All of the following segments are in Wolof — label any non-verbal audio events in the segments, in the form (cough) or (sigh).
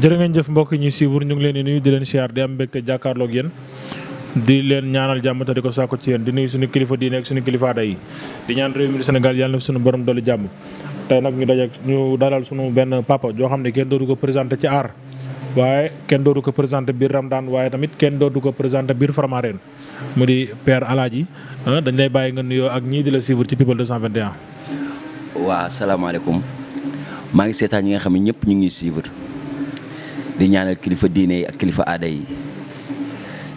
jërë ngeen jëf mbokk ñi siiwur ñu ngi leen di nuyu di leen siyaar di am mbégte jàkkaarloog yéen di leen ñaanal jàmm te di ko saako ci yéen di nuy suñu kilifa diine ak suñu kilifa aada yi di ñaan réew mi Sénégal yàlla na suñu borom dolli jàmm tey nag ñu daje ñu dalal suñu benn papa joo xam ne kenn doodu ko présenté ci aar waaye kenn doodu ko présenté biir Ramadan waaye tamit kenn doodu ko présenté biir Farmareen mu di père Alaaji ah, dañ lay bàyyi nga nuyoo ak ñii di la suivre ci People 221 waaw salaamaaleykum maa ngi seetaan ñi nga xam ne ñëpp ñu ngi suivre di ñaanal kilifa diine yi ak kilifa aada yi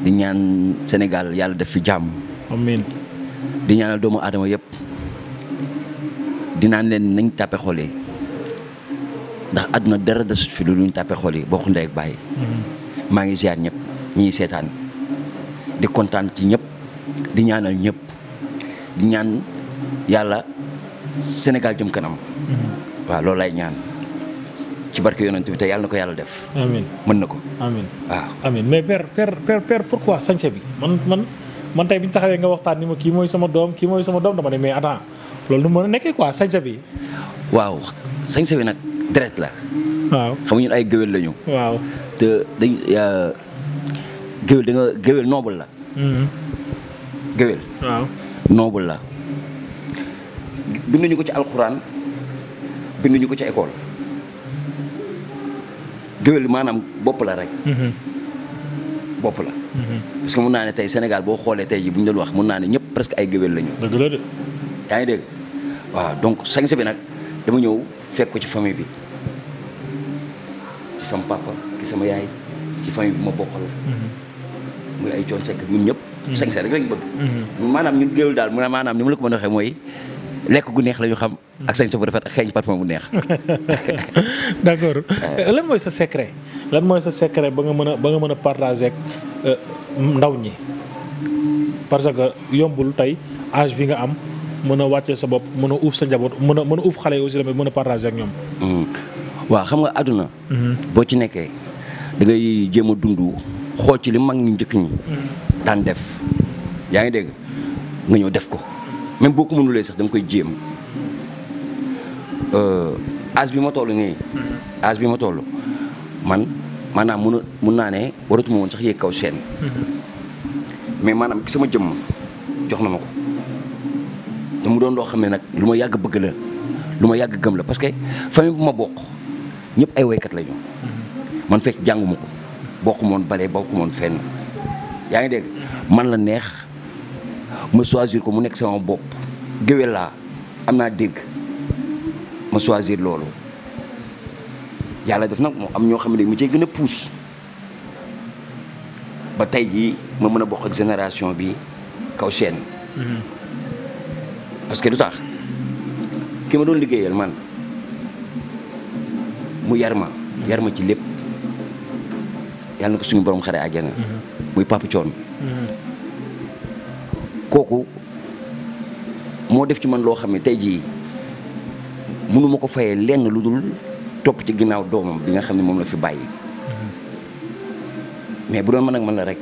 di ñaan Sénégal yàlla def fi jàmm. amiin di ñaanal doomu aadama yëpp di naan leen nañ tàppee xol ndax àdduna dara desut fi lu ñu tàppe xol boo bokk ndey ak bàyyi. Mm-hmm. maa ngi ziar ñëpp ñi seetaan di kontaan ci ñëpp di ñaanal ñëpp di ñaan yàlla Sénégal jëm kanam. Mm-hmm. waaw loolu lay ñaan. ci barke yonent bi te na ko yàlla def. amiin mën na ko. amiin waaw amiin mais père père père père bi man man man tey bi taxawee nga waxtaan ni ma kii mooy sama doom kii mooy sama doom dama ne mais attends loolu nu mën a nekkee quoi sañse bi. waaw sañse bi nag deret la. waaw xam ñun ay géwél lañu. waaw te dañ géwél da nga géwél noble la. Mm-hmm. géwél. waaw noble la. binduñu ko ci alxuraan binduñu ko ci école. géwél maanaam bopp la rek. Mhm. bopp la. Mhm. parce que mun naa ne tey Sénégal boo xoolee tey ji bu ñu doon wax mun naa ne ñëpp presque ay géwél lañu. dëgg la de. yaa ngi dégg waaw donc sañse bi nag dama ñëw fekk ko ci famille bi ci sama papa ci sama yaay ci famille bi ma bokkal. Mhm. muy ay coon sekk ñun ñëpp. sañse rek lañ bëgg. maanaam ñun géwél daal maanaam ni ma la ko mën a mooy. lekk gu neex la ñu xam. ak sañ sa bu rafet ak xeeñ parfum bu neex. (laughs) d' accord euh, lan mooy sa secret lan mooy sa secret ba nga mën a ba nga mën a partager euh, ndaw ñi parce que yombul tey age bi nga am mën a wàccee sa bopp mën a uuf sa njaboot mën a mën a uuf xale yi aussi tamit mën a partager ñoom. Mm. waaw xam nga àdduna. Mm-hmm. boo ci nekkee dangay ngay jéem a dund xool ci li mag ñu njëkk ñi. Mm-hmm. daan def yaa ngi dégg nga ñëw def ko. mais boo ko mënulee sax da nga koy jéem âge euh, bi ma toll nii. âge mm-hmm. bi ma toll man maanaam mun mun naa ne waratuma woon sax yéeg kaw seen. Mm-hmm. mais maanaam ki sama jëmm jox na ma ko. te mu doon loo xam ne nag lu ma yàgg bëgg la lu ma yàgg gëm la parce que famille bu ma bokk ñëpp ay woykat lañu mm-hmm. man fekk jànguma ko bokk moon bale bokk moon fenn yaa ngi dégg man la neex. ma choisir ko mu nekk sama bopp géwél laa am naa dégg ma choisir loolu yàlla def nag moo am ñoo xam ne mu cee gën a pousse ba tey jii ma mën a bokk ak génération bi kaw seen mhm. parce que du tax ki ma doon liggéeyal man mu yar ma yar ma ci lépp yàlla na ko suñu borom xare àjjana mhm. muy Papa Thione mhm. kooku moo def ci man loo xam ne tey jii mënuma ko fayee lenn lu dul topp ci ginnaaw doomam bi nga xam ne moom la fi bàyyi mais bu doon man ak man la rek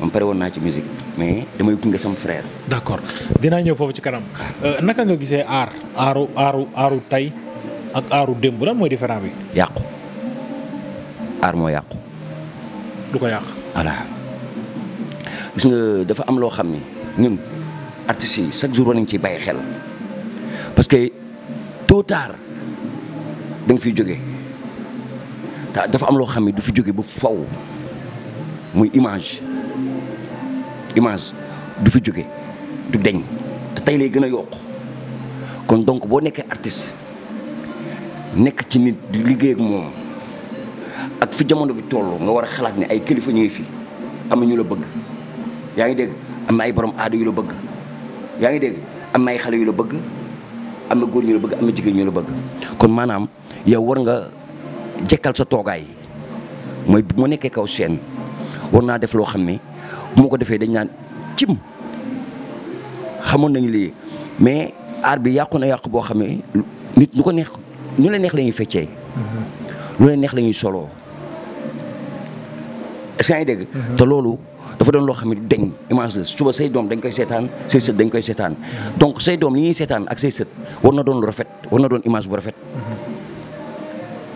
man pare woon naa ci musique mais damay gunge sam frère. d'accord dinaa ñëw foofu ci kanam euh, naka nga gisee aar aaru aaru aaru tey ak aaru démb lan mooy différent bi. yàqu aar moo yàqu. du ko yàq. voilà gis nga dafa am loo xam ni. ñun artistes yi chaque jour war nañ ciy bàyyi xel parce que tôt ou tard da nga fiy jóge te dafa am loo xam ne du fi jóge ba faw muy image image du fi jóge du deñ te tey lay gën a yokk kon donc boo nekkee artiste nekk ci nit du liggéey ak moom ak fi jamono bi toll nga war a xalaat ni ay kilifa ñu ngi fi am na ñu la bëgg yaa ngi dégg. am na ay borom aada yu la bëgg yaa ngi dégg am ay xale yu la bëgg am na góor ñu bëgg am na jigéen ñu la bëgg kon maanaam yow war nga jekkal sa toogaay mooy bu ma nekkee kaw seen war naa def loo xam ne bu ma ko defee dañ naan cim xamoon nañu lii mais aar bi yàqu na yàqu boo xam ne nit ñu ko neex ñu la neex la feccee mhm. lu la neex la ñuy soloo ngi dégg mhm. te loolu dafa doon loo xam ne image la suba say doom dañ koy seetaan say sët dañ koy seetaan donc say doom yi ñuy seetaan ak say sët war na doon lu rafet war na doon image bu rafet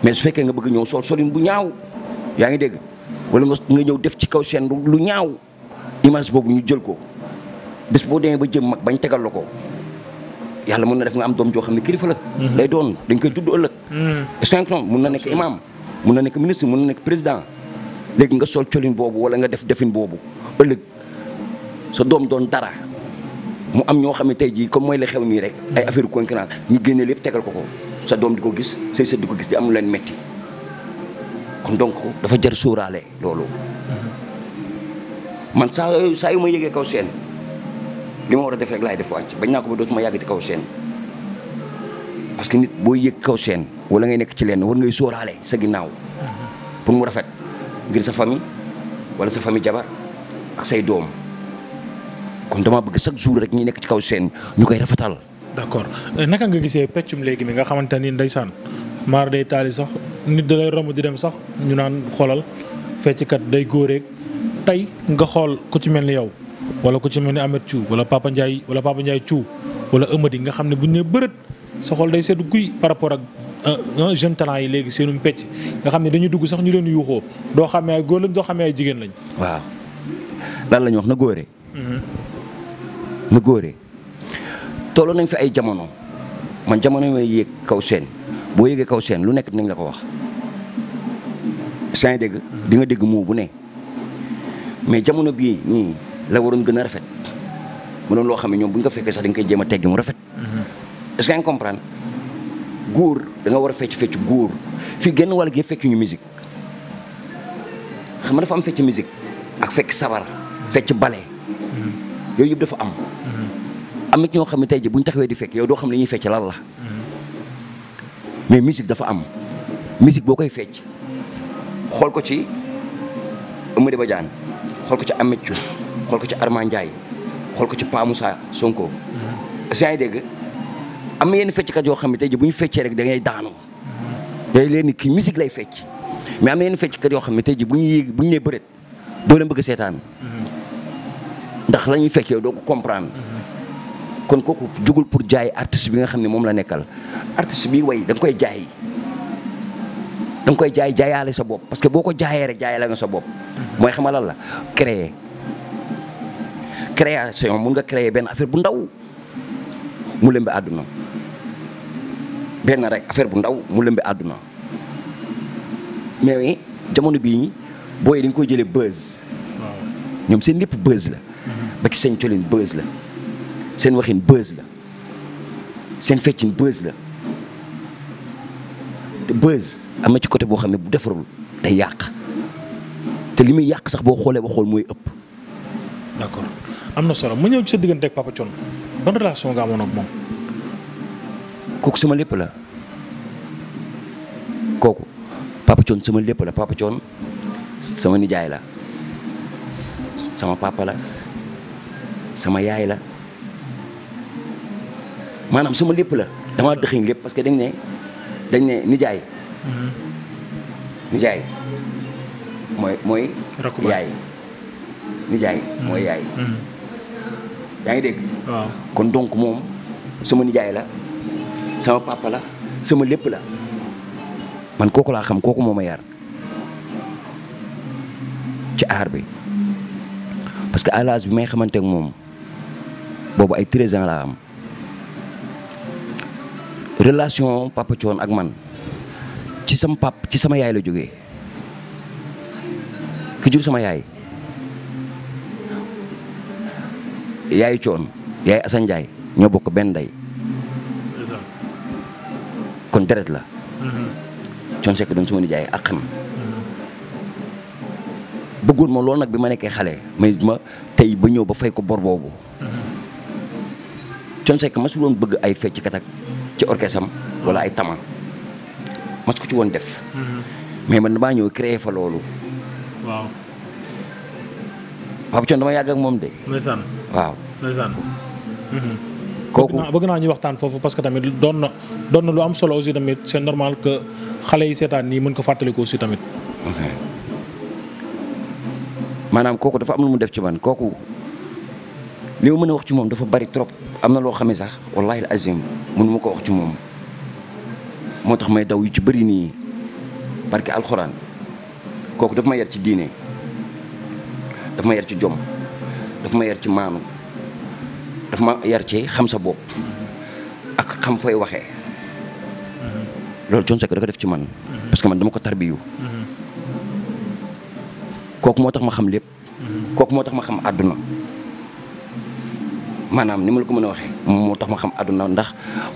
mais su fekkee nga bëgg ñëw sol solin bu ñaaw yaa ngi dégg wala nga nga ñëw def ci kaw seen lu ñaaw image boobu ñu jël ko bés boo demee ba jëm mag bañ tegal la ko yàlla mën na def nga am doom joo xam ne kilifa la. lay mhm. doon dañ koy tudd ëllëg. Mhm. est-ce que na nekk imam mën na nekk mi mën na nekk président léegi nga sol colin boobu nga def defin boobu. ëllëg sa doom doon dara mu am ñoo xam ne tey jii comme mooy la xew nii rek ay affaire concurrence ñu génne lépp tegal ko ko sa doom di ko gis say sët di ko gis di am lu leen metti kon donc dafa jar sóoraale loolu man saa saa yu ma yëgee kaw seen li ma war a def rek laay def wàcc bañ naa ko ba dootuma yàggati kaw seen parce que nit boo yëg kaw seen wala ngay nekk ci lenn war ngay sóoraale sa ginnaaw pour mu rafet ngir sa famille wala sa famille jabar ak say doom kon dama bëgg chaque jour rek ñu nekk ci kaw seen ñu koy rafetal. d'accord euh, naka nga gisee peccum léegi mi nga xamante ni ndeysaan maar day taali sax nit da lay romb di dem sax ñu naan xoolal fecckat day góoreeg tey nga xool ku ci mel ni yow wala ku ci mel ni Ameth Thiou wala Papa Ndiaye wala Papa Ndiaye Thiou wala Amady nga xam ne bu ne nee bërët sa xol day seddu guy par rapport ak. Euh, jeune talent yi léegi seenum pecc nga xam ne dañu dugg sax ñu leen yuuxoo doo xam jigéen lañ lan la ñu wax na góore. Mm-hmm. na góore. tolloo nañ fi ay jamono man jamono may yéeg kaw seen boo yéegee kaw seen lu nekk dinañ la ko wax. saa ngi dégg mm-hmm. di nga dégg moo bu ne mais jamono bii nii la waroon gën a rafet mu doon loo xam ne ñoom bu ñu ko fekkee sax dañ koy jéem a mu rafet. Mm-hmm. est-ce que nga comprendre góor da nga war a fecc fecc góor fii genn wàll gi fecc ñu musique xam nga dafa fecc musique. ak fekk sabar fecc bale yooyu yëpp dafa am am na ci ñoo xam ne tey ji bu ñu taxawee di fekk yow doo xam ne ñuy fecc lan la mais musique dafa am musique boo koy fecc xool ko ci ba jaan xol ko ci Ameth Thiou xool ko ci Armand Ndiaye xool ko ci Pa Moussa Sonko yaa ngi dégg am na yenn fecckat yoo xam ne bu ñu feccee rek da ngay daanu day leen ni kii musique lay fecc mais am na yenn yoo xam ne tey ji bu ñu yéeg bu ñu nee bëreet doo leen bëgg seetaan ndax lañuy fekkee doo ko comprendre kon kooku jugul pour jaay artiste bi nga xam ne moom la nekkal artiste bi way da nga koy jaay da koy jaay jaayaale sa bopp parce que boo ko jaayee rek jaayaale nga sa bopp mooy xamal la créer création mun nga créer benn affaire bu ndaw mu lëmbe àdduna benn rek affaire bu ndaw mu lëmbe àdduna mais bi bii booy dañ koy jëlee buzz. ñoom seen lépp buzz la. ba ci seen colin buzz la. seen waxin buzz la. seen feccin buzz la. te buzz am na ci côté boo xam ne bu defarul day yàq te li muy yàq sax boo xoolee ba xool mooy ëpp. d'accord am na solo ma ñëw ci sa diggante ak Papa Thione ban relation nga amoon ak moom. kooku sama lépp la kooku Papa Thione sama lépp la Papa Thione sama nijaay la sama papa la sama yaay la maanaam sama lépp la dama dëxiñ lépp parce que dañ ne dañ ne nijaay mm-hmm. nijaay mooy mooy yaay nijaay mm-hmm. mooy mm-hmm. ngi dégg kon donc moom sama nijaay la sama papa la sama lépp la man kooku laa xam kooku moo ma yar ci aar bi parce que à bi may xamante ak moom boobu ay 13 ans laa am relation papa Thione ak man ci sama pap ci sama yaay la jóge ki sama yaay yaay Thione yaay Assane Ndiaye ñoo bokk benn ndey kon deret la mm-hmm. Thione Seck doon sama nijaay ak xam bëggoon ma loolu nag bi ma nekkee xale mais ma tey ba ñëw ba fay ko bor boobu. Thione Seck ma su doon bëgg ay fecc kat ak ci orchestre am wala ay tama mas ko ci woon def. Mm-hmm. mais man damaa ñëw créer fa loolu. waaw. Pape Thione dama yàgg moom de. ndeysaan waaw ndeysaan. Mm-hmm. kooku bëgg naa ñu waxtaan foofu parce que tamit doon na lu am solo aussi tamit c'est normal que xale yi seetaan nii mën ko fàttalikoo aussi tamit. maanaam kooku dafa am lu mu def ci man kooku li ma mën a wax ci moom dafa bari trop am na loo xam ne sax wallaahi azim mënu ma ko wax ci moom moo tax may daw yu ci bëri nii barke alxuraan kooku daf ma yar ci diine daf ma yar ci jom daf ma yar ci maanu daf ma yar ci xam sa bopp ak xam fooy waxee mm-hmm. loolu Thione Seck da def ci man mm-hmm. parce que man dama ko tarbiyu mm-hmm. kooku moo tax ma xam lépp kooku moo tax ma xam àdduna maanaam ni ma la ko mën a waxee moo tax ma xam àdduna ndax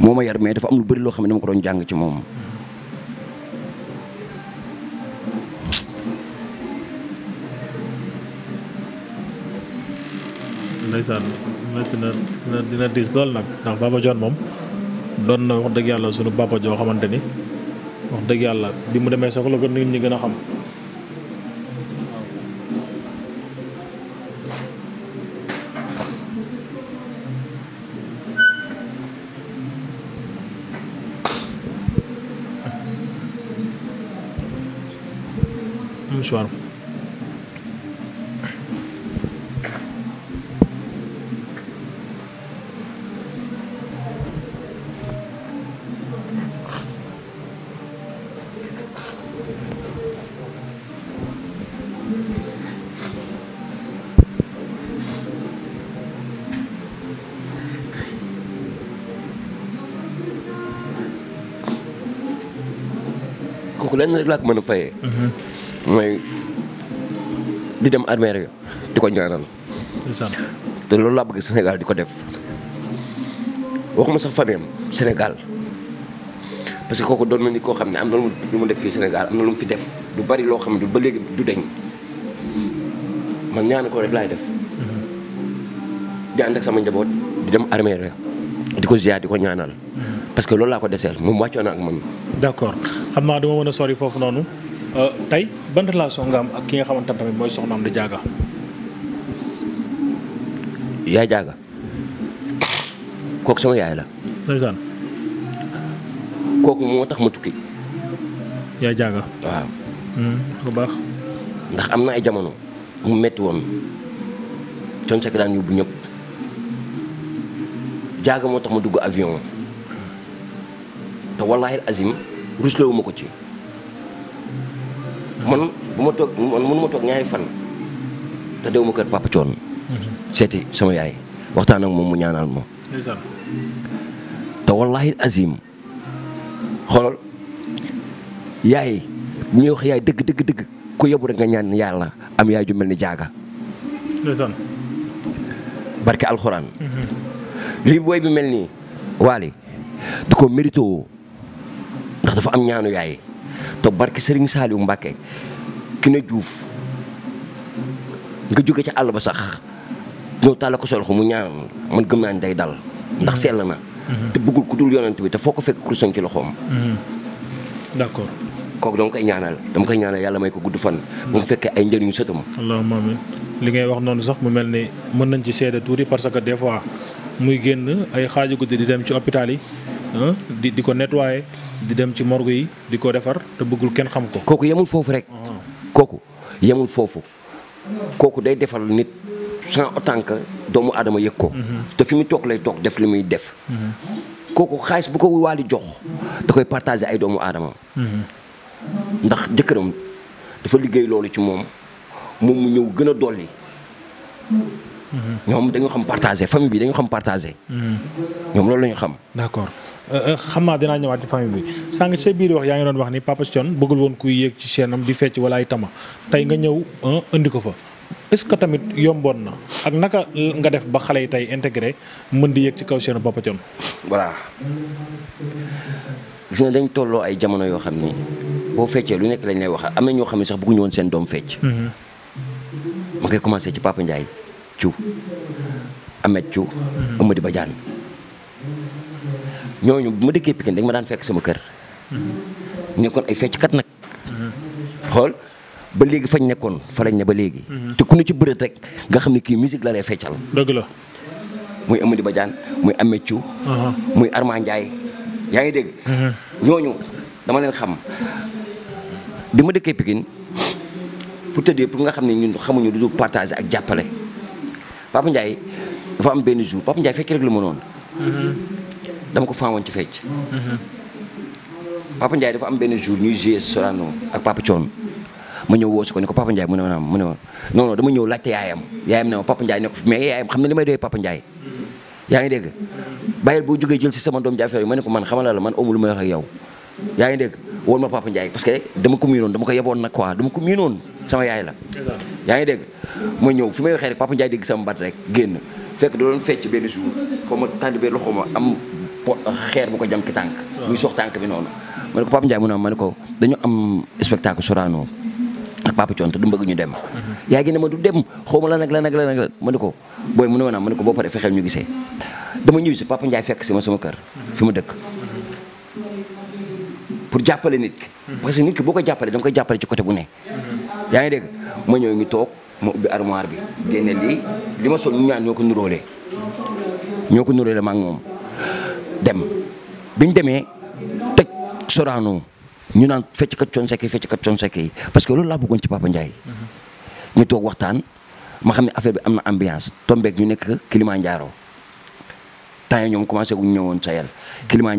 moo ma yar mais dafa am lu bëri loo xam ne dama ko doon jàng ci moom ndeysaan dina dina diis lool nag ndax Papa moom doon na wax dëgg yàlla sunu papa xamante ni wax dëgg yàlla bi mu demee soxla ko nit gën a xam rek laa ko mën a fayee. mooy di dem armée rek di ko ñaanal. te loolu laa bëgg Sénégal di ko def waxuma sax famille Sénégal parce kooku doon na koo xam ne am na lu mu def fii Sénégal am na lu mu fi def du bari loo xam ne du ba léegi du deñ man ñaan ko rek laay def. Mhm. di ànd ak sama njaboot di dem armée rek di ko ziar di ko ñaanal. parce que loolu laa ko deseel moom wàccoo na ak man. d'accord xam naa dama mën a sori foofu noonu euh, tey ban relation nga am ak ki nga xamante ne tamit mooy soxnaam di jaaga. yaay jaaga kooku sama yaay la. ndeysaan. kooku moo tax ma tukki. yaay jaaga. waaw. Hmm, bu baax. ndax am na ay jamono mu metti woon Thione Seck daan yóbbu ñëpp jaaga moo tax ma dugg avion. te wallaahi azim ruslewu ma ko ci man bu ma toog man ma toog ñaari fan te dew ma kër papa coon seeti sama yaay waxtaan ak moom mu ñaanal ma te wallaahi azim xoolal yaay bu ñuy wax yaay dëgg dëgg dëgg ku yebu rek nga ñaan yàlla am yaay ju mel ni jaaga barke alxuraan mhm. li booy bi mel nii waali du ko mérito dafa am ñaanu yaay te barke Serigne Saliou Mbacke ki ne Diouf nga jóge ca àll ba sax ñëw tàlla ko sol mu ñaan man gëm naa ni day dal ndax sell na. te bëggul ku dul yonent bi te foo ko fekk kursan ci loxoom. Mhm. d'accord. kooku dama koy ñaanal dama koy ñaanal yàlla may ko gudd fan. bu mu fekkee ay njëriñu sëtam. li ngay wax noonu sax mu mel ni mën nañ ci seede tuuti parce que des fois muy génn ay xaaju guddi di dem ci hôpital yi. di di ko nettoyer di dem ci morgo yi di ko defar te bëggul kenn xam ko. kooku yemul foofu rek. Ah. kooku yemul foofu kooku day defal nit sans autant que doomu aadama yëg ko. Mhm. te fi mu toog lay toog def li muy def. Mhm. kooku xaalis bu ko waali jox da koy partager ay doomu aadama. Mhm. ndax jëkkëram dafa liggéey loolu ci moom moom mu ñëw gën a dolli. ñoom dañu xam partagé famille bi dañu xam partagé. ñoom loolu la ñu xam. d'accord euh, euh, xam naa dinaa ñëwaat ci famille bi sànq ci biir wax yaa ngi doon wax ni Papa Thione bëggul woon kuy yéeg ci seenam di fecc wala ay tama tey nga ñëw indi ko fa. est-ce que tamit yomboon na ak naka nga def ba xale yi tey intégré mën di yéeg ci kaw seenu Papa voilà gis nga tolloo ay jamono yoo xam ni boo feccee lu nekk lañ lay wax am na ñoo xam ne sax bëgguñu woon seen doom fecc. Mm-hmm. ma koy commencé ci Papa njaay Thiou Amet Thiou Amady Badiane ñooñu bu ma dëkkee Pikine dañ ma daan fekk sama kër ñu nekkoon ay fecckat nag xool ba léegi fañ nekkoon fa ne ba léegi te ku ne ci bërët rek nga xam ne kii musique la lay feccal dëgg la muy Amady Badiane muy Amet uh-huh. muy Arma yaa ngi dégg uh-huh. ñooñu dama leen xam bi ma dëkkee Pikine pour te dire nga xam ne ñun xamuñu du partager ak jàppale Papa Ndiaye dafa am benn jour Papa Ndiaye fecc rek la mënoon. Mhm. dama ko faawoon ci fecc. Papa Ndiaye dafa am benn jour ñuy joué ma ñëw woosu ko ne ko Papa Ndiaye mu ne ma mu dama ñëw laajte yaayam yaayam ne ma Papa Ndiaye ne ko mais yaayam xam ne li may doy Papa Ndiaye. yaa ngi dégg bàyyil boo jógee jël si sama doom jafe-jafe ma ne ko man xamal la man amul lu may wax ak yow yaa ngi dégg. woon ma papa njaay parce que dama ko miinoon dama ko yeboon nag quoi dama ko miinoon sama yaay la. yaa ngi dégg ma ñëw fi may waxee rek papa Ndiaye dégg sama bat rek génn fekk da doon fecc benn jour xaw ma tànn bi ma am xeer bu ko jam tànk. muy sox tànk bi noonu. ma ne ko papa Ndiaye mu ne ma ne ko dañu am spectacle Sorano ak papa Thion te du ñu dem. Mhm. yaa ngi ne ma du dem xaw ma lan ak lan ak lan ak ma ne ko booy mu ne ma naa ne ko boo paree fexeel ñu gisee. dama ñibbi si papa njaay fekk si ma sama kër fi ma dëkk. pour jàppale nit ki. parce que nit ki boo ko jàppale da nga koy jàppale ci côté bu ne. yaa ngi dégg ma ñëw ñu toog ma ubbi bi génne lii li ma sol ñu ñaan ñoo ko nuróolee ñoo ko nuróolee ma ak moom dem biñ demee teg Sorano ñu naan fecc kat coon sekk yi fecc kat parce que loolu laa bëggoon ci Papa Ndiaye. ñu toog waxtaan ma xam ne affaire bi am na ambiance tombeek ñu nekk Kilimanjaro jaaro ten ñoom commencé gu ñu ñëwoon sa yel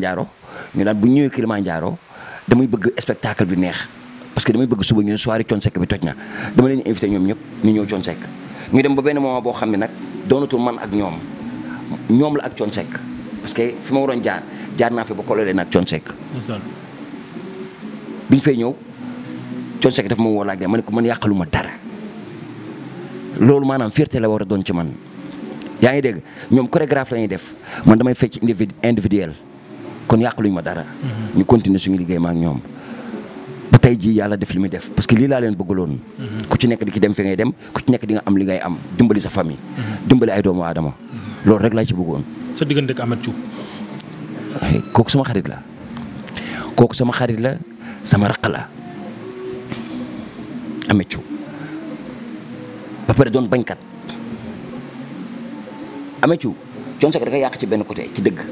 jaaro ñu daan bu ñu ñëwee Kilimanjaro damay bëgg spectacle bi neex parce que damay bëgg suba ñu ne soirée Thione bi toj na dama leen invité ñoom ñëpp ñu ñëw Thione Seck dem ba benn moment boo xam ne nag doonatul man ak ñoom ñoom la ak Thione parce que fi ma waroon jaar jaar naa fi ba kole leen ak Thione Seck fay ñëw Thione Seck dafa ma woo ko man yàqalu ma dara loolu maanaam fierté la war a doon ci man yaa ngi dégg ñoom chorégraphe la ñuy def man damay fecc individuel kon yàq yàqaluñ ma dara. ñu continuer suñu liggéey maak ñoom. ba tey jii yàlla def li muy def parce que lii laa leen bëggaloon. ku ci nekk di ki dem fi ngay dem ku ci nekk di nga am li ngay am dimbali sa famille. dimbali ay doomu aadama. loolu rek laa ci bëggoon. sa diggante ak kooku sama xarit la kooku sama xarit la sama raq la Amath Thiou ba pare doon bañkat Amath Thiou coon sax da ko yàq ci benn côté ci dëgg.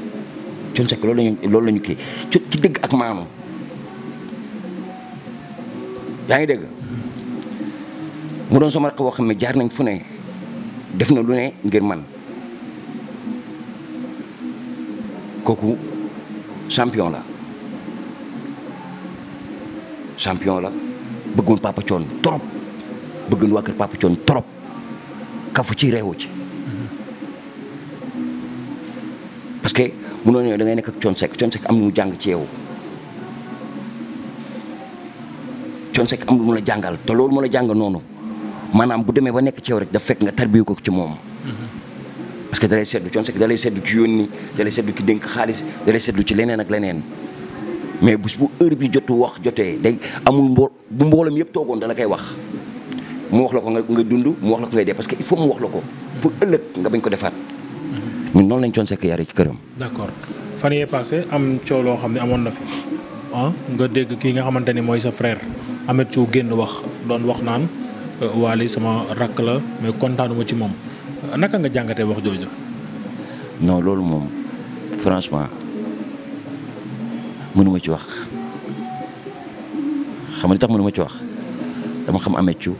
Thione Seck loolu lañu loolu la ñu kii ci dëgg ak maamam yaa ngi dégg mu doon sama raq boo xam ne jaar nañ fu ne def na lu ne ngir man kooku champion la champion la bëggoon Papa Thione trop bëggoon waa kër Papa Thione trop kafu ci réewu ci mu ñëw ñoo dangay nekk ak Thione Seck Thione am lu mu jàng ci yow am lu mu la jàngal te loolu mu la jàng noonu maanaam bu demee ba nekk ci rek daf fekk nga tarbiyu ko ci moom. parce que dalay seddu Thione Seck dalay seddu ci yoon ni dalay seddu ci dénk xaalis dalay seddu ci leneen ak leneen mais bu bu heure bi jotu wax jotee day amul mbool bu mboolam yëpp toogoon dala koy wax. mu wax la ko nga dund mu wax la ko ngay dee parce que il faut mu wax la ko pour ëllëg nga bañ ko defaat. ñun noonu lañ coon sekk yaree ci këram. d'accord fan yee passé am coow loo xam ne amoon na fi ah nga dégg kii nga xamante ni mooy sa frère Ameth Thiou génn wax doon wax naan euh, Wally sama rakk la mais kontaanuma ci moom euh, naka nga jàngatee wax jooju. non loolu moom franchement mënuma ci wax xam nga li tax mënuma ci wax dama xam Ameth Thiou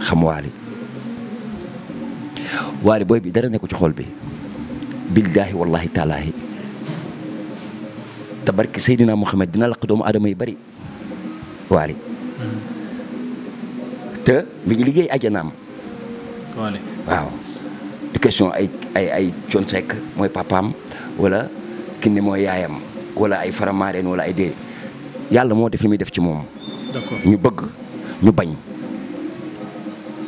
xam Wally Wally booy bi dara nekku ci xool bi. billaahi wallaahi taalaahi te barki Seydina Muhammad dina lakk doomu aadama yu bari waali te mi ngi liggéey ajanaam waali waaw du question ay ay ay mooy papaam walla Kiné mooy yaayam wala ay faramaareen wala ay dee yàlla moo def li muy def ci moom ñu bëgg ñu bañ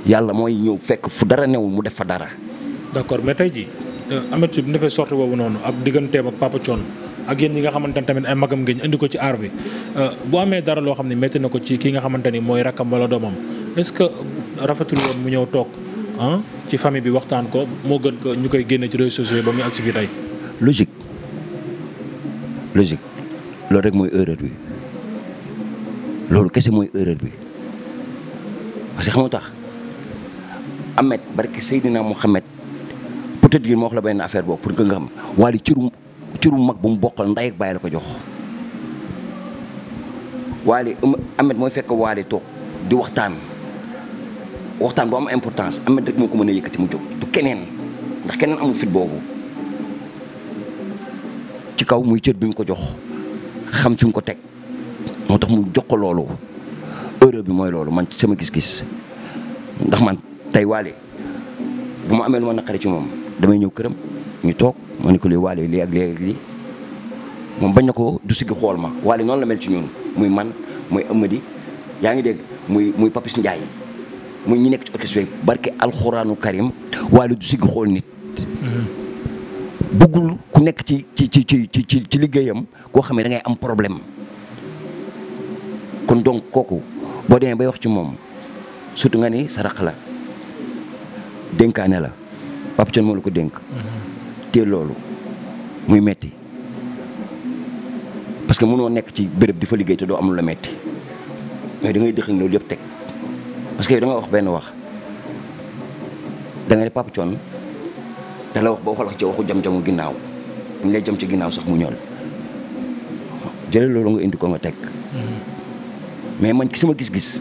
yàlla mooy ñëw fekk fu dara newul mu def fa dara d'accord Euh, Ameth Sy bu defee sorte boobu noonu ab digganteem ak Papa Thione ak yéen ñi nga xamante ne tamit ay magam ngeen indi ko ci aar bi euh, bu amee dara loo xam ne métti na ko ci ki nga xamante ni mooy rakkam wala doomam est-ce que rafetul woon mu ñëw toog ah ci famille bi waxtaan ko moo gën ko ñu koy génne ci réseaux sociaux ba muy agsi fii tey. logique loolu rek mooy erreur bi loolu kese mooy erreur bi parce que xam nga tax Ameth barke Seydina Mohamed. tëdd gi ma wax la benn affaire boobu pour nga xam Wally cëru cëru mag bu mu bokkal ndey ak la ko jox Wally Ameth mooy fekk Wally toog di waxtaan waxtaan bu am importance Ameth moo ko mën a yëkkati mu jóg du keneen ndax keneen amu fit boobu ci kaw muy cër bi ko jox xam fi ko teg moo tax mu jox ko loolu heure bi mooy loolu man sama gis-gis ndax man tey Wally bu ma amee lu ma naqari ci moom damay ñëw këram ñu toog moo ne ko lii waale lii ak lii ak lii moom bañ na ko du sigg xool ma waale noonu la mel ci ñun muy man muy Amady yaa ngi dégg muy muy Papis Ndiaye muy ñi nekk ci orchestre bi barke alxuraanu karim waale du sigg xool nit. bëggul ku nekk ci ci ci ci ci ci liggéeyam koo xam ne da am problème kon donc kooku boo demee bay wax ci moom surtout nga ni sa la dénkaane la. Pape Thione moo la ko dénk. te loolu muy metti parce que mënoo nekk ci béréb di fa liggéey te doo amul la metti mais da ngay dëxëñ loolu yëpp teg parce que yow wax benn wax da nga ne Pape Thione da wax boo xool ci waxu jam-jamu ginnaaw ñu lay jam ci ginnaaw sax mu ñool jële loolu nga indi ko nga teg. mais man ci suma gis-gis.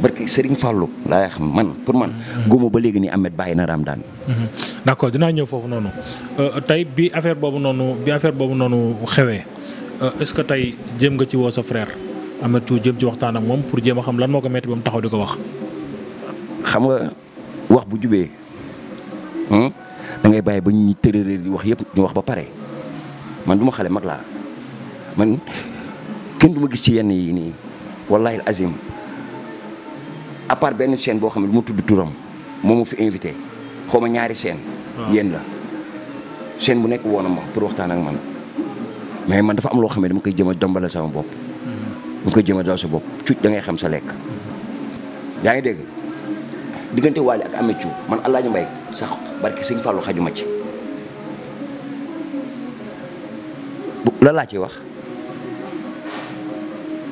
barke Serigne Fallou laay xam man pour man. góob ba léegi nii Ameth bàyyi na Ramadane. d' accord dinaa ñëw foofu noonu euh, tey bi affaire boobu noonu affaire boobu noonu xewee euh, est ce que tey jéem nga ci woo sa frère Ameth Thiou jéem ci waxtaan ak moom pour jéem a xam lan moo ko metti ba mu taxaw di ko wax. xam nga wax bu jubee hmm, dangay bàyyi ba ñu tërërër di wax yëpp ñu wax ba pare man du ma xale mag laa man kenn du gis ci yenn yi nii. wallahi azim à part benn chaîne boo xam ne du ma tudd turam moom ma fi invité xaw ma ñaari chaîne. Ah. yéen la chaîne bu nekk woon ma pour waxtaan ak man mais man dafa am loo xam ne dama koy jëm a dombala sama bopp. dama koy jëm a daw sa bopp tuut da ngay xam sa lekk. yaa ngi dégg diggante Wally ak Ameth Thiou man El Hadj Mbaye sax barki sëñ Fallou xajuma ci. la laa ci wax.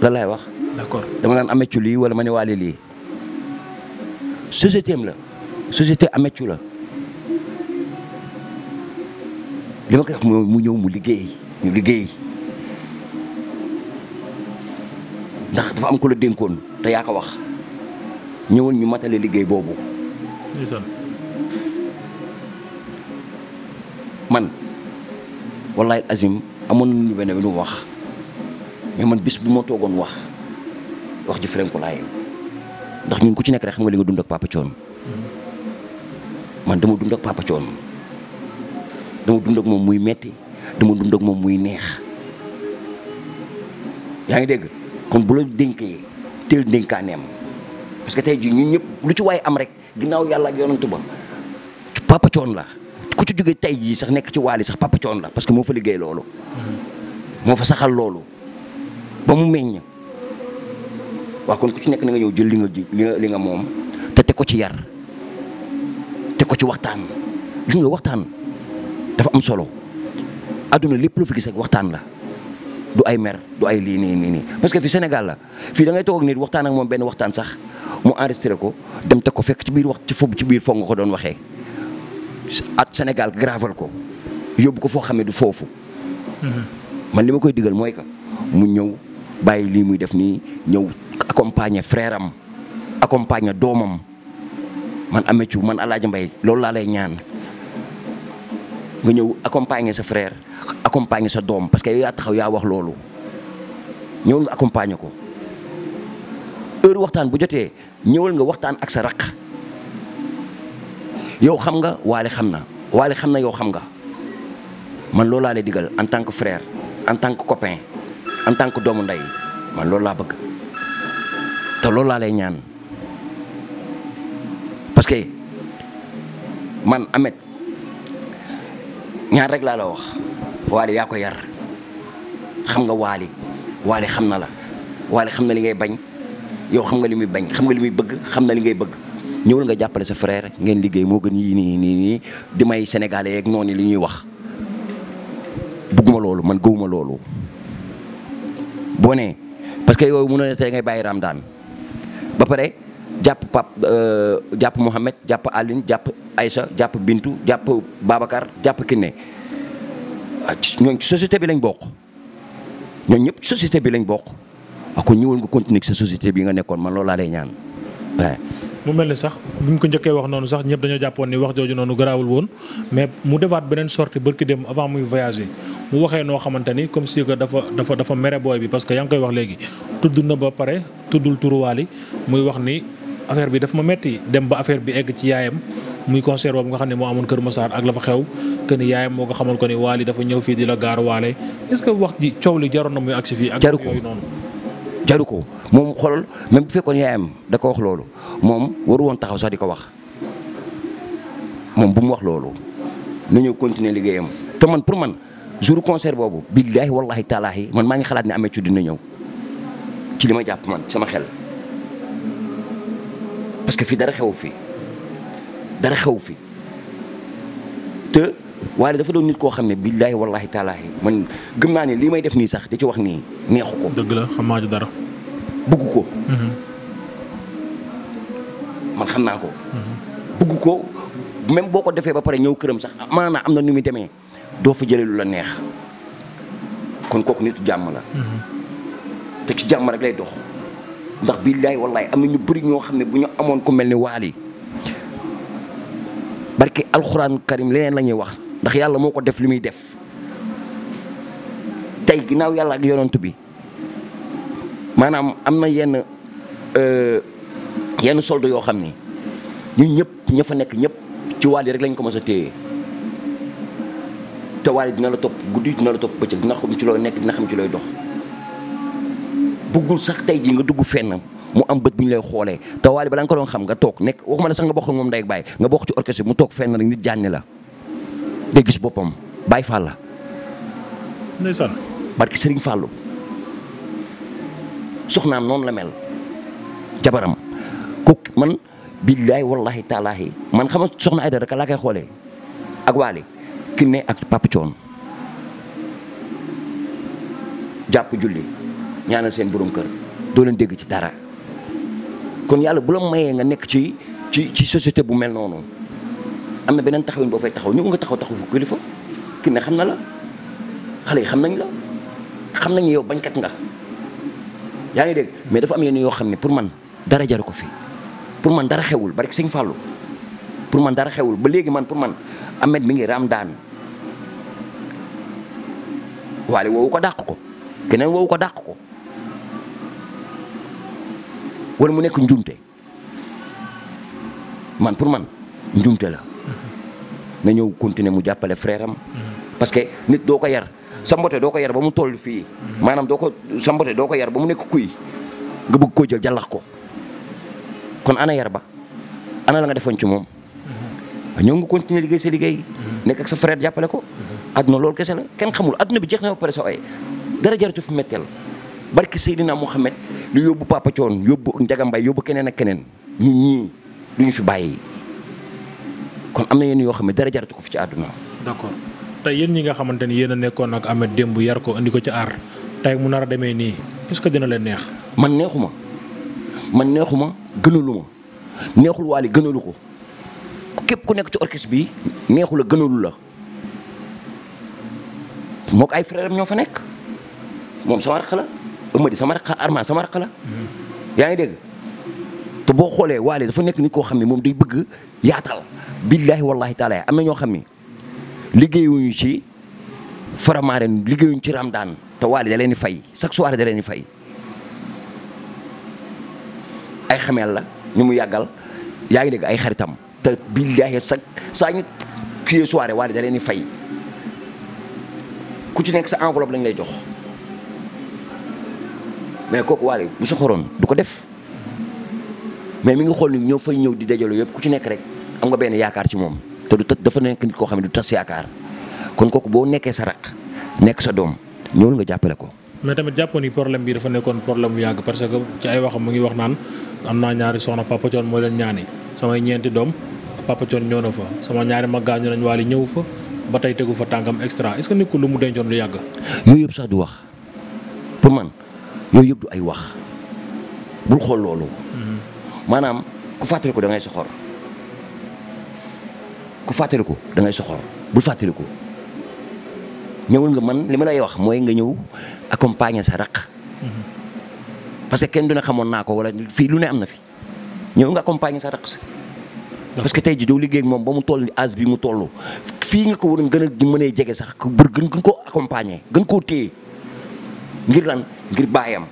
lan laay wax. d'accord dama naan amecu lii wala ma ne waale lii société la société amecu la li ma koy mu ñëw mu liggéey ñu liggéey ndax dafa am ko dénkoon te yaa wax ñëwoon ñu matale liggéey boobu. man wallahi azim amoon nañu benn bi nu wax. mais man bis bu ma toogoon wax wax ji frenku laa yem ndax ñun ku ci nekk rek xam nga li nga dund ak Papa Thione man dama dund ak Papa Thione dama dund moom muy metti dama dund ak moom muy neex yaa ngi dégg kon bu la dénkee teel dénkaaneem parce que ji ñu ñun ñëpp lu ci waaye am rek ginnaaw yàlla ak yonantu ba Papa Thione la ku ci jógee tey jii sax nekk ci waali sax Papa Thione la parce que moo fa liggéey loolu moo fa saxal loolu ba mu meññ wax kon ku ci nekk na nga ñëw jël li nga ji li nga moom te teg ko ci yar te ko ci waxtaan gis nga waxtaan dafa am solo àdduna lépp lu fi gis waxtaan la du ay mer du ay lii nii nii parce que fi Sénégal la fii da ngay toog ak nit waxtaan ak moom benn waxtaan sax mu enregistré ko dem te ko fekk ci biir wax foofu ci biir foog nga ko doon waxee at Sénégal graval ko yóbbu ko foo xam ne du foofu mm-hmm. man li ma koy digal mooy que mu ñëw bàyyi lii muy def nii ñëw accompagner frère am accompagner doomam man Ameth Thiou man Alaaji Mbay loolu laa lay ñaan nga ñëw accompagner sa frère accompagner sa doom parce que yow yaa taxaw yaa wax loolu ñëwul nga accompagner ko heure waxtaan bu jotee ñëwal nga waxtaan ak sa raq yow xam nga waale xam na waale xam na yow xam nga man loolu laa lay digal en tant que frère en tant que copain en tant que doomu ndey man loolu laa bëgg te loolu laa lay ñaan parce que man amet ñaar rek laa la wax Waly yaa ko yar xam nga Waly Waly xam na la Waly xam na li ngay bañ yow xam nga li muy bañ xam nga li muy bëgg xam na li ngay bëgg ñëwul nga jàppale sa frère ngeen liggéey moo gën yii nii nii nii di may sénégalais yeeg noonu li ñuy wax bugguma loolu man gëwuma loolu boo nee parce que yow mënoo ne tey ngay bàyyi daan ba pare jàpp pap euh, jàpp Mouhamed jàpp Aline jàpp Aïcha jàpp Bintu jàpp Babacar jàpp Kiné ah, ñooñ ci société bi lañ bokk ñooñ ñëpp société bi lañ bokk waaw ah, kon ñëwal nga continuer sa société bi nga nekkoon man loolu laa lay ñaan waaw. mu mel ni sax bi mu ko njëkkee wax noonu sax ñëpp dañoo jàppoon ni wax jooju noonu garaawul woon mais mu defaat beneen sortie bërki dem avant muy voyager. mu waxee noo xamante ni comme si que dafa dafa dafa mere booy bi parce que yaa ngi koy wax léegi tudd na ba pare tuddul turuwaali muy wax ni affaire bi daf ma metti dem ba affaire bi egg ci yaayam muy concert bu nga xam ne moo amoon Kër Massar ak la fa xew que ni moo ko xamal ni waali dafa ñëw fii di la gaar waale est-ce que wax ji coow li jaroon na muy agsi fii. jaru ko ak yooyu jaru ko moom xoolal même bu fekkoon yaayam da ko wax loolu moom waru woon taxaw sax di ko wax moom bu mu wax loolu na ñëw continuer liggéeyam te jour concert boobu billaahi wallaahi taalaahi man maa ngi xalaat ne Ameth Thiou dina ci li ma jàpp man sama xel parce que fii dara xew fi dara xew fi te waaye dafa doon nit koo xam ne billaahi wallaahi taalaahi man gëm naa ne lii may def nii sax di ci wax nii neexu ko. dëgg la xam naa ci dara. bëgg ko. Mhm. man xam naa ko. Mhm. bëgg ko même boo ko defee ba pare ñëw këram sax maanaam am na nu muy demee. doo fa jëlee lu la neex kon kooku nitu jàmm la. Mm-hmm. te ci jàmm rek lay dox. ndax billaay wallaay am na ñu bëri ñoo xam ne bu ñu amoon ku mel ni waali barke alxuraan karim leneen lañuy wax ndax yàlla moo ko def lu muy def tey ginnaaw yàlla ak yonent bi maanaam am na yenn euh, yenn solde yoo xam ni ñun ñëpp ña fa nekk ñëpp ci waali rek lañ ko mës a téye. te waali dina la topp guddi dina la topp bëccëg dina xam ci nekk dina xam ci looy dox buggul sax tey jii nga dugg fenn mu am bët bu ñu lay xoolee te waali balaa nga ko doon xam nga toog nekk waxuma ne sax nga bokk ak moom ndey ak baay nga bokk ci orchestre mu toog fenn rek nit gis boppam Baay Fall la. ndeysaan. barke Serigne Fallou soxnaam noonu la mel jabaram ku man billaay wallahi taalaahi man xam soxna Aïda rek laa koy xoolee ak waali Kiné ak papp Papa Thione jàpp julli ñaana seen borom kër doo leen dégg ci dara kon yàlla bu la mayee nga nekk ci ci ci société bu mel noonu am na beneen taxawin boo fay taxaw ñu nga taxaw taxaw fu kilifa ne xam na la xale yi xam nañ la xam nañ yow bañkat nga yaa ngi dégg mais dafa am yenn yoo xam ne pour man dara jaru ko fi pour man dara xewul barek sëñ Fallou pour man dara xewul ba léegi man pour man Ahmed mi ngi daan Wally woowu ko dàq ko keneen woowu ko dàq ko wala mu nekk njumte man pour man njumte la na ñëw continuer mu jàppale frère am parce que nit doo ko yar sa mbote doo ko yar ba mu toll fii maanaam doo ko sa mbote doo ko yar ba mu nekk kuy nga bëgg koo jël jàllax ko kon ana yar ba ana la nga defoon ci moom ñëw nga continuer liggéey sa liggéey nekk ak sa frère jàppale ko adduna loolu kese la kenn xamul adduna bi jeex na ba pare sa ay dara jaratu fi metteel barki Seydina Mouhamed lu yóbbu Papa Thione yóbbu Ndiaga Mbaye yóbbu keneen ak keneen ñun ñu fi bàyyi kon am na yenn yoo xam ne dara jaratu ko fi ci àdduna d'accord tey yéen ñi nga xamante ni yéen a nekkoon ak Ameth démb yar ko indi ko ci aar tey mu nar a demee nii est-ce que dina leen neex. man neexuma man neexuma gënalu ma neexul waali gënalu ko. képp ku nekk ci orchestre bi neexu la gënalu la moo ko ay frère ñoo fa nekk moom sama rakk la Amady sama rakk Armand sama rakk mm-hmm. yaa ngi degg te boo xoolee waale dafa nekk ni koo xam ne moom day bëgg yaatal billaahi wallahi taala am na ñoo xam ne liggéeyuñu ci faramaaren liggéeyuñu ci Ramadan te waale da di fay chaque soirée da leen di fay ay xameel la ñu mu yàggal yaa ngi dégg ay xaritam te billaahi sa saa ñu kiyee soirée waale da leen di fay ku ci nekk sa enveloppe lañ lay jox mais kooku waale bu sa xoroon du ko def mais mi ngi xool ni ñëw fay ñëw di dajaloo yëpp ku ci nekk rek am nga benn yaakaar ci moom te du tas dafa nekk nit koo xam ne du tas yaakaar kon kooku boo nekkee sa raq nekk sa doom ñëwul nga jàppale ko. mais tamit jàppoon ni problème bi dafa nekkoon problème bu yàgg parce que ci ay waxam mu ngi wax naan. am naa ñaari soxna Papa Thione moo leen ñaani samay ñeenti doom Papa Thione ñëw na fa sama ñaari mag gaañu nañ waali ñëw fa ba tey tegu fa tàngam extra est-ce que nekkul lu mu dencoon lu yàgg. yooyu yëpp sax du wax pour man yooyu yëpp du ay wax bul xool loolu. Mm-hmm. maanaam ku fàttaliku dangay ngay soxor ku fàttaliku da ngay soxor bul fàttaliku ñëwul nga man li ma lay wax mooy nga ñëw accompagner sa raq. parce que kenn du ne xamoon naa ko wala fii lu ne am na fi ñëw nga accompagner sa rakk si parce que tey ji doo liggéey moom ba mu toll ni âge bi mu toll fii nga ko waroon gën a mënee jege sax pour gën gën koo accompagner gën koo téye ngir lan ngir baayam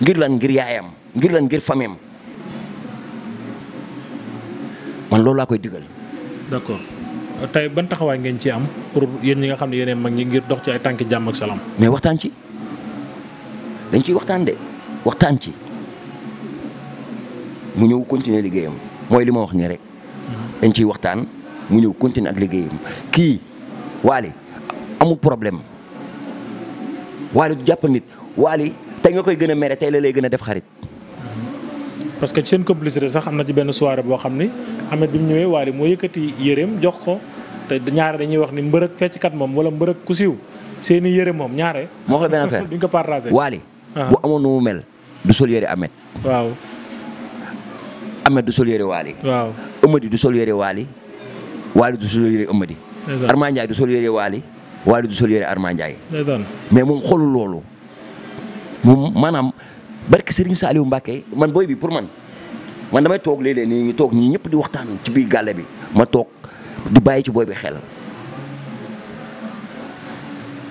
ngir lan ngir yaayam ngir lan ngir famem man loolu laa koy digal. d'accord tey ban taxawaay ngeen ci am pour yéen ñi nga xam ne yéen mag ñi ngir dox ci ay tànki jàmm ak salaam. mais waxtaan ci dañ ciy waxtaan de. waxtaan ci mu ñëw continuer liggéeyam mooy li ma wax nii rek dañ ciy waxtaan mu ñëw continuer ak liggéeyam kii waali amul problème waali du jàpp nit waali te nga koy gën a mere tey la lay gën a def xarit. parce que seen complicité sax am na ci benn soirée boo xam ni Ameth bi mu ñëwee waali moo yëkkati yéreem jox ko te ñaare dañuy wax ni mbërëg fecckat moom wala mbërëg ku siiw seeni i yére moom ñaare. moo xam benn (laughs) affaire duñ ko partagé waali ah. bu amoon nu mu mel. du sol yére Amet. Amet du sol yére Waly. waaw du sol yére Waly. Waly du sol yére Amady. Arma du sol yére Waly. Waly du sol yére Arma Ndiaye. mais moom xolul loolu. moom maanaam barke Serigne Saliou Mbacké man booy bi pour man man damay toog léeg-léeg nii ñu toog ñii ñëpp di waxtaan ci biir gàlle bi ma toog du bàyyi ci booy bi xel.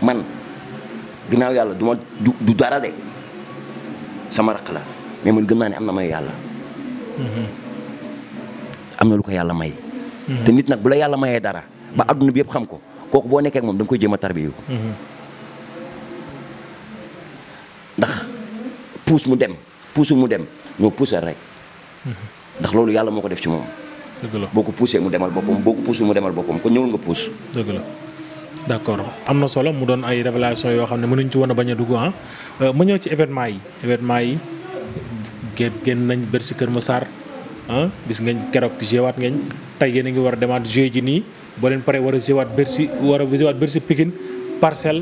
man ginnaaw yàlla du ma du dara de. sama raq la mais man gën naa ne am na may yàlla. am na lu ko yàlla may. Mhm. te nit nag bu la yàlla mayee dara. ba adduna bi yëpp xam ko kooku boo nekkee ak moom da nga koy jéem a tarbiyu mhm. ndax puus mu dem puusu mu dem ñoo puusal rek. Mhm. ndax loolu yàlla moo ko def ci moom. boo ko puusee mu demal boppam boo ko puusul mu demal boppam kon ñëwul nga puus. d' accord am na solo mu doon ay révélation yoo xam ne mënuñ ci woon a bañ a dugg ah euh, ma ñëw ci événement yi événement yi génn génn nañ Bercy Kër Massar ah gis ngeen keroog jéewaat ngeen tey yéen a ngi war a demaat jeu ji nii boo leen paree war a jéewaat Bercy war a jéewaat Bercy Pikine parcelle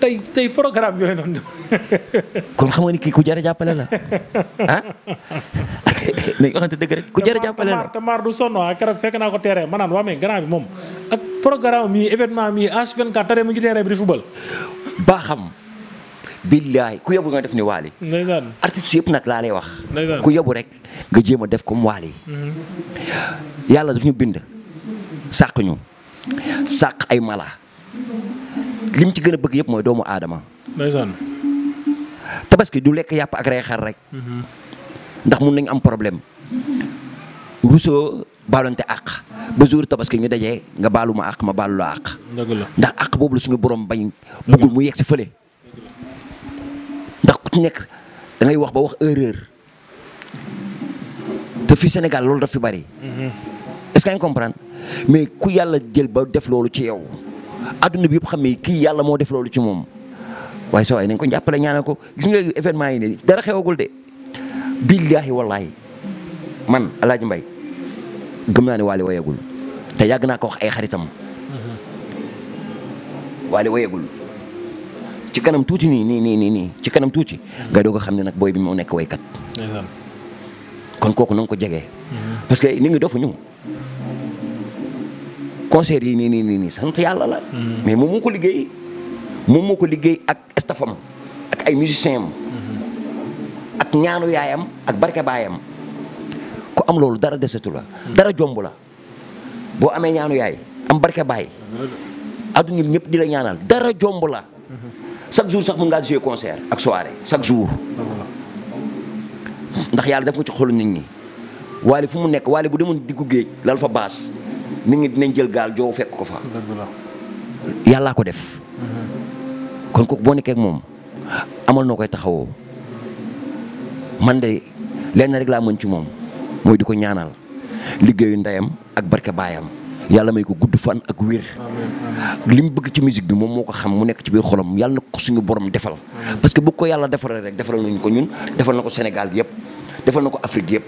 tey tey programme yooyu noonu. (laughs) kon xam nga ni kii ku jar a jàppale la (laughs) ah nañu (laughs) waxante dëgg rek ku jar a jàppale la te maar du sonn ah keroog fekk naa ko terrain ma naan waa mais grand bi moom ak programme mi événement mi H24 tere mu ngi terrain bi di football. baa xam. billaay ku yóbbu nga def ni waali. ndeysaan artistes yëpp nag laa lay wax. ku yóbbu rek nga jéem def comme waali. Mhm. yàlla daf ñu bind. sàq ñu sàq ay mala. lim ci gën a bëgg yëpp mooy doomu aadama. tabaski du lekk yàpp ak rey xar rek. ndax mun nañ am problème. Rousseau baalante àq ba jour tabaski ñu dajee nga baalu ma àq ma baalu la àq. ndax àq boobu la suñu borom bañ. bëggul mu yegg si fële. ndax ku ci nekk da ngay wax ba wax erreur. te fii Sénégal loolu da fi bari. est-ce que nga mais ku yàlla jël ba def loolu ci yow. na bi yëpp xam ne kii yàlla moo def loolu ci moom. waaye sa waay nañ ko jàppale ñaanal ko gis nga événement yi ne dara xewagul de billaahi wallaahi man Alaaji Mbay gëm naa ne Waly woyagul te yàgg naa ko wax ay xaritam Waly woyagul ci kanam tuuti nii nii nii nii nii ci kanam tuuti ga doog a xam ne nag booy bi moo nekk waykat kon kooku na ko jege. parce que ni ngi dofuñu concert yi nii nii nii nii sant yàlla la mm-hmm. ko liggéey moom moo ko liggéey stafam ak ay musiciens ak ñaanu yaayam ak barke baayam ku am loolu dara desatu la dara jomb la boo amee ñaanu yaay am barke baay adduna bi ñëpp di la ñaanal dara jomb la chaque jour sax mun ngaa jouer concert ak soirée chaque jour ndax yàlla def ko ci xolu nit ñi waale fu mu nekk waale bu dem diggu géej lal fa baas nit ñi dinañ jël gaal joow fekk ko fa yàllaa ko def kon kooku boo nekkee moom amal noo koy taxawoo man de lenn rek laa mën ci moom mooy di ko ñaanal liggéeyu ndeyam ak barke baayam yàlla may ko gudd fan ak wér li mu bëgg ci musique bi moom moo ko xam mu nekk ci biir xolam yàlla na ko suñu borom defal parce que bu ko yàlla defalee rek defal nañu ko ñun defal na ko Sénégal yëpp defal na ko Afrique yëpp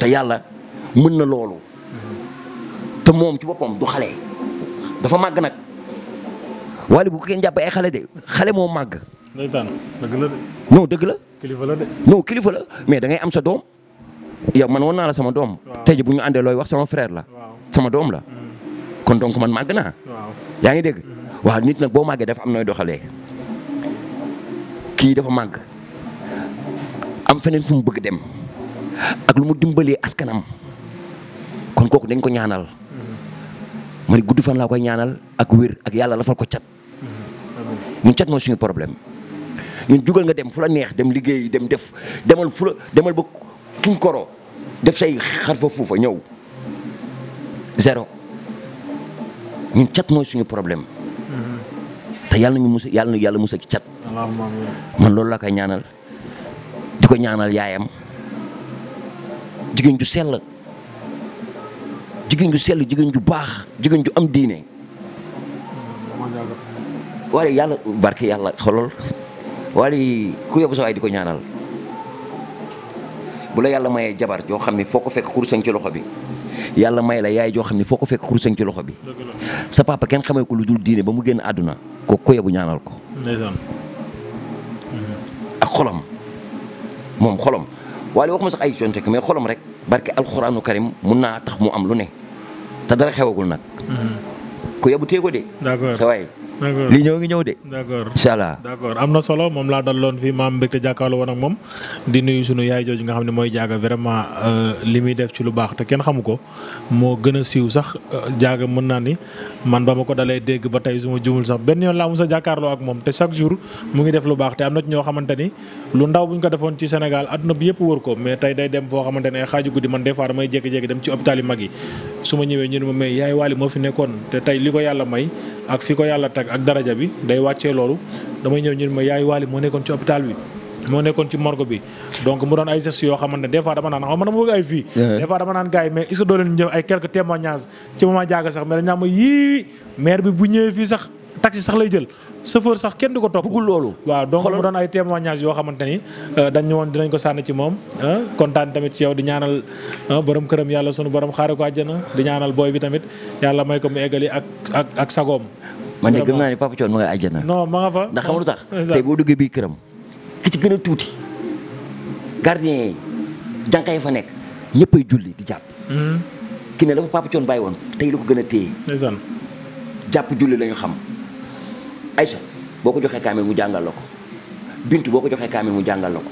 te yàlla mën na loolu te moom ci boppam du xale dafa màgg nag Wally bu ko kenn jàppee ay xale de xale moo màgg. ndeysaan dëgg la de. kilifa la mais da ngay am sa doom. yow man woon naa la sama doom. te tey bu ñu àndee looy wax sama frère la. sama doom la. Mm. kon donc man màgg naa. yaa ngi dégg. Mm. waaw nit nag boo màggee dafa am nooy doxalee. kii dafa màgg. am feneen fu mu bëgg dem. ak lu mu dimbalee askanam. kon kooku dañ ko ñaanal. Mm. ma gudd fan laa koy ñaanal ak wér ak yàlla lafal ko cat. ñun cat mooy suñu problème ñun jugal nga dem fu la neex dem liggéey dem def demal fu demal ba kiñ def say xar fa a ñëw zéro ñun cat mooy suñu problème te yàlla nañu yàlla na yàlla musa ci cat man loolu laa koy ñaanal di ko ñaanal yaayam jigéen ju sell jigéen ju sell jigéen ju baax jigéen ju am diine Wally yàlla barke yàlla xolol Wally ku yóbbu sa di ko ñaanal bu la yàlla mayee jabar joo xam ne foo ko fekk kursañ ci loxo bi yàlla may la yaay joo xam ne foo ko fekk kursañ ci loxo bi sa papa kenn xamee ko lu dul diine ba mu génn aduna ko ku yóbbu ñaanal ko ak xolam moom xolam Wally waxuma sax ay contek mais xolam rek barke alxuraanu karim mun naa tax mu am lu ne te dara xewagul nag mhm. ku yóbbu tee de sa li ñëw ngi ñëw de. d' am na solo moom laa daloon fii maam mbégte jàkkaarloo woon ak moom di nuyu sunu yaay jooju nga xam ne mooy jaaga vraiment euh, li muy def ci lu baax te kenn xamu ko moo gën a siiw sax euh, jaaga mën naa ni man ba ma ko dalee dégg ba tey su ma jumul sax benn yoon laa mos a jàkkaarloo ak moom te chaque jour mu ngi def lu baax te am na ñoo xamante ni lu ndaw bu ñu ko defoon ci Sénégal adduna bi yëpp wër ko mais tey day dem foo xamante ne ay xaaju guddi man des fois damay jékki dem ci hôpital yu mag yi ma ñëwee ñu ne moo fi nekkoon te tey li ko yàlla may ak fi ko yàlla tag ak daraja bi day wàccee loolu damay ñëw ñun ma yaay waali moo nekkoon ci hôpital bi moo nekkoon ci morgue bi donc mu doon ay gestes yoo xamante ne des dama naan xaw ah ma dama bëgg ay vie des fois dama naan gars mais est que doo ay quelques témoignages ci mama jaaga sax mais dañ naan ma yii maire bi bu ñëwee fii sax taxi sax lay jël chauffeur sax kenn du ko topp bëggul loolu. waaw donc mu doon ay témoignages yoo xamante ni euh, dañ ñu woon dinañ ko sànni ci moom ah, kontaan tamit ci yow di ñaanal ah, borom këram yàlla sunu borom xaare ko àjjana di ñaanal booy bi tamit yàlla may ko mu eggali ak ak ak sagoom. man de gëm naa ne Papa Thione ma ngay àjjana. non ma nga fa ndax xam lu tax. tey boo duggee bii këram ki ci gën a tuuti gardien yi jànka yi fa nekk ñëppay julli di jàpp. Hmm. ki ne la fa Papa Thione bàyyi woon tey la ko gën a téye. jàpp julli la xam. Aïcha boo ko joxee kaamil mu jàngal la ko Bintu boo ko joxee kaamil mu jàngal la ko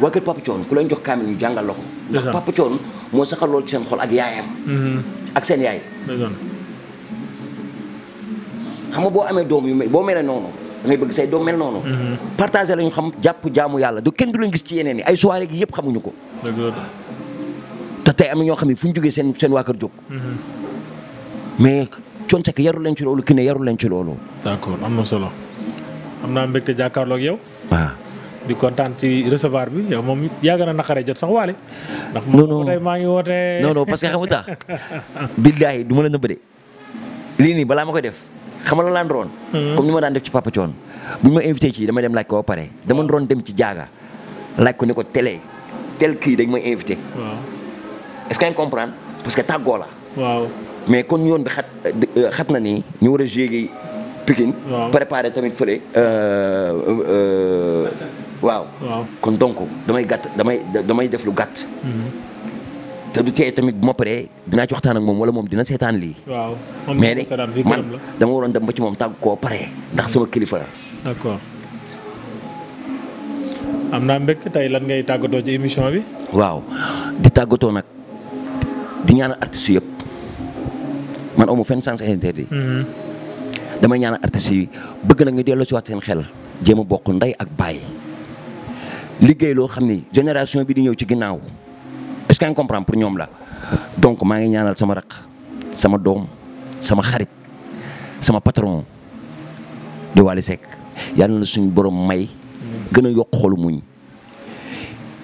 waa kër Papa Thion ku leen jox kaamil mu jàngal la ko. ndax Papa Thion moo saxal loolu ci seen xol ak yaayam. Mm-hmm. ak seen yaay. xam nga boo amee doom yu mel boo mel noonu da ngay bëgg say doom mel noonu. Mm-hmm. partagé la xam jàpp jaamu yàlla du kenn du lañ gis ci yeneen yi ay soirée gi yëpp xamuñu ko. te tey am ñoo xam ne fu ñu jógee seen seen waa kër jóg. Mm-hmm. Thione Seck yarul leen ci loolu Kiné yarul leen ci d'accord am na solo am naa mbégte jàkkaarloog yow. waaw ah. di kontaan ci recevoir bi yow moom yaa na a naqaree jot sax waale. ndax moom maa ngi woote. non non parce que xam nga tax (laughs) billaahi du ma la nëbb de lii nii balaa ma koy def xam nga lan roon hmm. comme ni ma daan def ci Papa Thione bu ñu ma invité ci dama dem laaj ko ba pare dama doon dem ci jaaga laaj ko ne ko télé tel kii dañ ma invité. waaw est-ce que parce que tàggoo la. mais kon yoon bi euh, xat na ni ñu war a jéggi Pikine préparé tamit fële euh, euh, waaw kon donc damay gàtt damay damay def lu gàtt mhm. te du tey tamit bu ma paree dinaa ci waxtaan ak moom wala moom dina seetaan lii waaw mais nag man dama waroon dem ba ci moom tàgg koo pare ndax sama kilifa la d'accord am naa mbégte tey lan ngay tàggatoo ci émission bi waaw di tàggatoo nag di ñaanal artistes yëpp man amu fenn sens interdit mm-hmm. damay ñaanal artistes bëgg na nga delloo si waat seen xel jéem a bokku ndey ak baay liggéey loo xam ni génération bi di ñëw ci ginnaaw est-ce que nga comprendre pour ñoom la donc maa ngi ñaanal sama raq sama doom sama xarit sama patron di Wally Seck yàlla na suñu borom may gën a yokk xolu muñ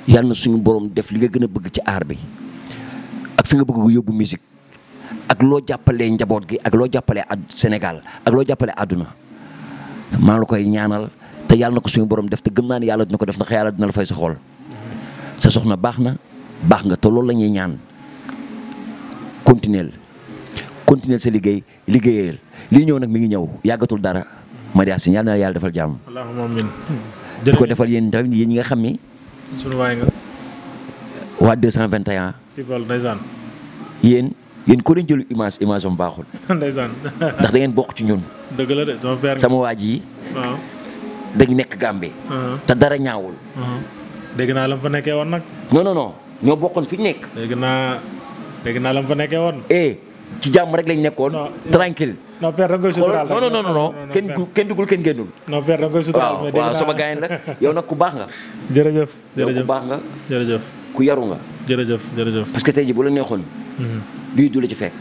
yàlla na suñu borom def li gën a bëgg ci aar bi ak fi nga bëgg yóbbu musique ak loo jàppale njaboot gi ak loo jàppale ad Sénégal ak loo jàppale àdduna maa la koy ñaanal te yàlla na ko suñu borom def te gëm naa ne yàlla dina ko def ndax yàlla dina la fay sa xol sa soxna baax na baax nga te loolu ñuy ñaan continuer continuer sa liggéey liggéeyal lii ñëw nag mi ngi ñëw yàggatul dara Madia Sy yàlla na jàmm. allahumma amiin. di ko defal yéen tamit yéen ñi nga xam ni. sunu waay nga. waa 221. people ndeysaan. yéen ko leen jël image image am baaxul. (laughs) ndeysaan ndax da ngeen bokk ci ñun. dëgg la de sama père sama waa ji. dañ nekk Gambie. Uh-huh. te dara ñaawul. Uh-huh. dégg naa la mu fa woon nag. non non non ñoo bokkoon fi ñu nekk. dégg naa dégg naa la mu fa nekkee woon. eh ci jàmm rek lañ nekkoon. tranquille non père da nga koy suturaal non non non non kenn kenn duggul kenn génnul. non père da nga koy suturaal mais waaw waaw sama gars yi nag (laughs) yow nag ku baax nga. jërëjëf jërëjëf yow ku baax nga. jërëjëf ku yaru nga. jërëjëf jërëjëf. parce que tey ji bu la neexoon. Mm-hmm. luy du la ci fekk.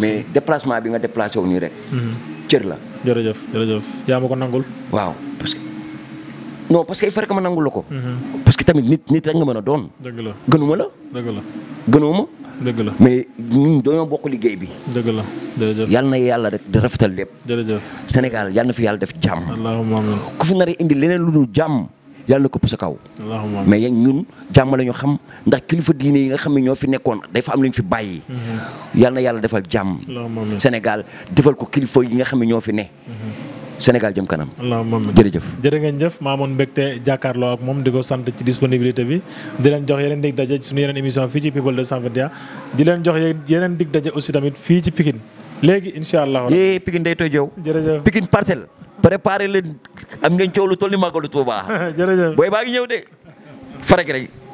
mais déplacement bi nga déplacé nii rek. Mhm. cër la. yaa ma ko nangul. waaw parce que non parce que il faut a ma nangul la ko. Mhm. parce que tamit nit nit rek nga mën a doon. dëgg la gënuma la. dëgg la gënuma. dëgg la mais ñun dañoo bokk liggéey bi. dëgg la jërëjëf yal na yàlla rek di rafetal lépp. jërëjëf Sénégal yal na fi yàlla def jàmm. allahumma fi nar a indi leneen lu dul jàmm. yàlla na këpp sa kaw mais yan ñun jàmm la ñu xam ndax kilifa diine yi nga xam ne ñoo fi nekkoon dafa am lu ñu fi bàyyi mm-hmm. yàlla na yàlla defal jàmm Sénégal defal ko kilifa yi nga xam ne ñoo fi ne mm-hmm. Sénégal jëm kanam. allahumma a jërë ngeen jëf maamoon mbégte jàkkaarloo ak moom di ko sant ci disponibilité bi di a jox yeneen dig daje suñu yeneen émission fii ci People 221 di leen jox yeneen dig daje aussi tamit fii ci Pikine léegi incha allah. yee Pikine day tooy jëw. jërëjëf préparé le am ngeen coow lu toll ni màggalu Tuuba. (laughs) jërëjëf booy baa ngi ñëw de farek rek.